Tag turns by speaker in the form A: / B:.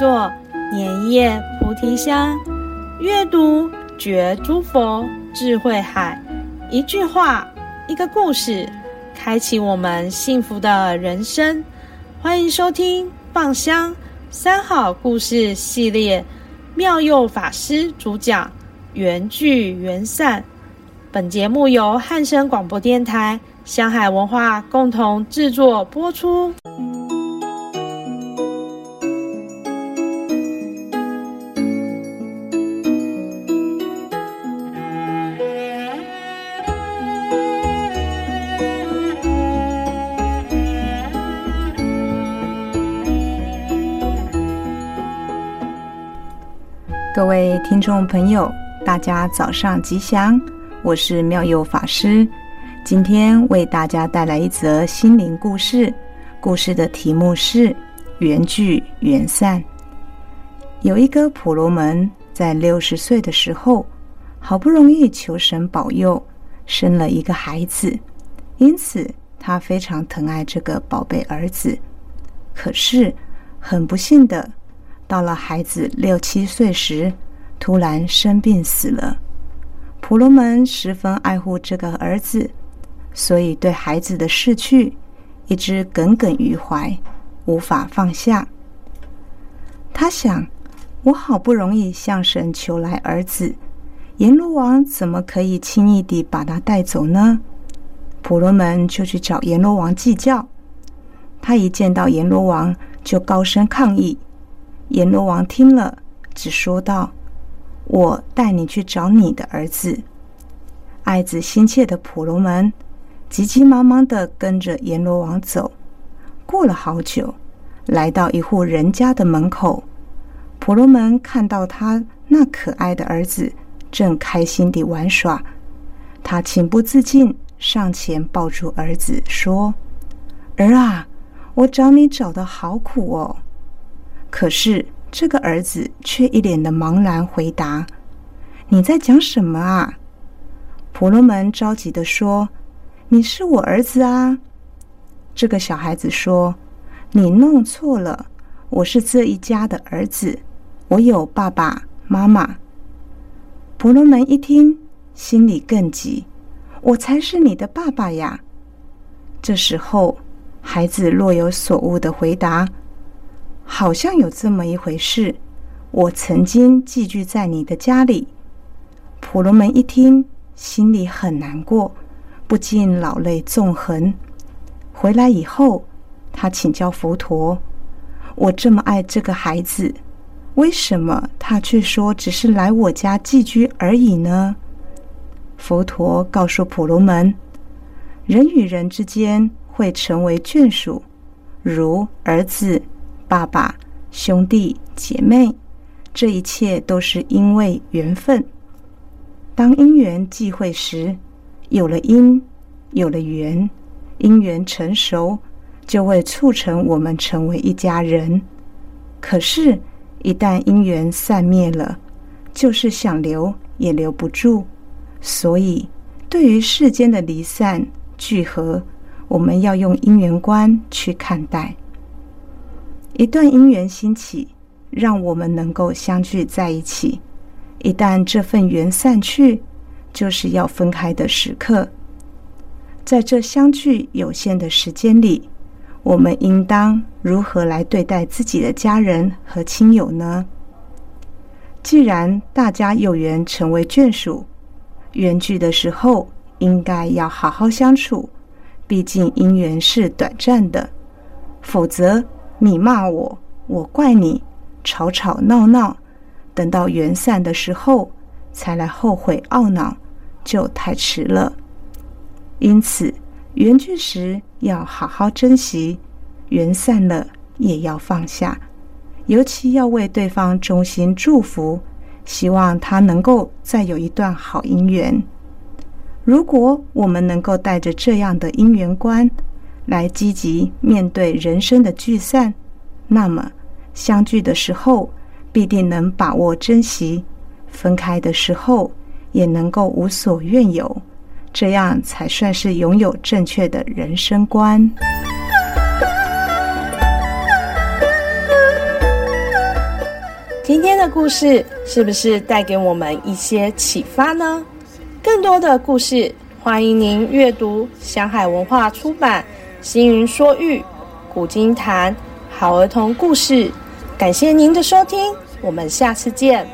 A: 做蓮葉菩提香，閱讀覺諸佛智慧海，一句話，一個故事，開啟我們幸福的人生。歡迎收聽《Fun 香三好故事》系列，妙佑法師主講，緣聚緣散。本節目由漢聲廣播電台、香海文化共同制作播出。
B: 各位聽眾朋友，大家早上吉祥！我是妙佑法師，今天為大家帶來一則心靈故事。故事的題目是《緣聚緣散》。有一個婆羅門在六十歲的時候，好不容易求神保佑生了一個孩子，因此他非常疼愛這個寶貝兒子。可是很不幸的。到了孩子六七歲時，突然生病死了。婆羅門十分愛護這個兒子，所以對孩子的逝去一直耿耿於懷，無法放下。他想：我好不容易向神求來兒子，閻羅王怎麼可以輕易地把他帶走呢？婆羅門就去找閻羅王計較。他一見到閻羅王，就高聲抗議。閻羅王聽了，只說道：“我帶你去找你的兒子。”愛子心切的婆羅門，急急忙忙地跟着閻羅王走。過了好久，來到一戶人家的門口，婆羅門看到他那可愛的兒子正開心地玩耍，他情不自禁上前抱住兒子，說：“兒啊，我找你找得好苦哦。”可是這個兒子卻一臉的茫然，回答：“你在講什麼啊？”婆羅門着急的說：“你是我兒子啊！”這個小孩子說：“你弄錯了，我是這一家的兒子，我有爸爸媽媽。”婆羅門一聽，心裡更急：“我才是你的爸爸呀！”這時候，孩子若有所悟的回答。好像有這麼一回事，我曾經寄居在你的家裡。婆羅門一聽，心裡很難過，不禁老淚縱橫。回來以後，他請教佛陀：“我這麼愛這個孩子，為什麼他卻說只是來我家寄居而已呢？”佛陀告訴婆羅門：“人與人之間會成為眷屬，如兒子。”爸爸、兄弟、姐妹，這一切都是因為緣分。當因緣際會時，有了因，有了緣，因緣成熟，就會促成我們成為一家人。可是，一旦因緣散滅了，就是想留也留不住。所以，對於世間的離散聚合，我們要用因緣觀去看待。一段因緣興起，讓我們能夠相聚在一起。一旦這份緣散去，就是要分開的時刻。在這相聚有限的時間裡，我們應當如何來對待自己的家人和親友呢？既然大家有緣成為眷屬，緣聚的時候應該要好好相處。畢竟因緣是短暫的，否則，你罵我，我怪你，吵吵鬧鬧，等到緣散的時候，才來後悔懊惱，就太遲了。因此，緣聚時要好好珍惜，緣散了也要放下，尤其要為對方衷心祝福，希望他能夠再有一段好因緣。如果我們能夠帶着這樣的因緣觀，來積極面對人生的聚散，那麼相聚的時候必定能把握珍惜，分開的時候也能夠無所怨尤，這樣才算是擁有正確的人生觀。
A: 今天的故事是不是帶給我們一些啟發呢？更多的故事，歡迎您閱讀香海文化出版。星雲說喻，古今譚好兒童故事。感謝您的收聽，我們下次見。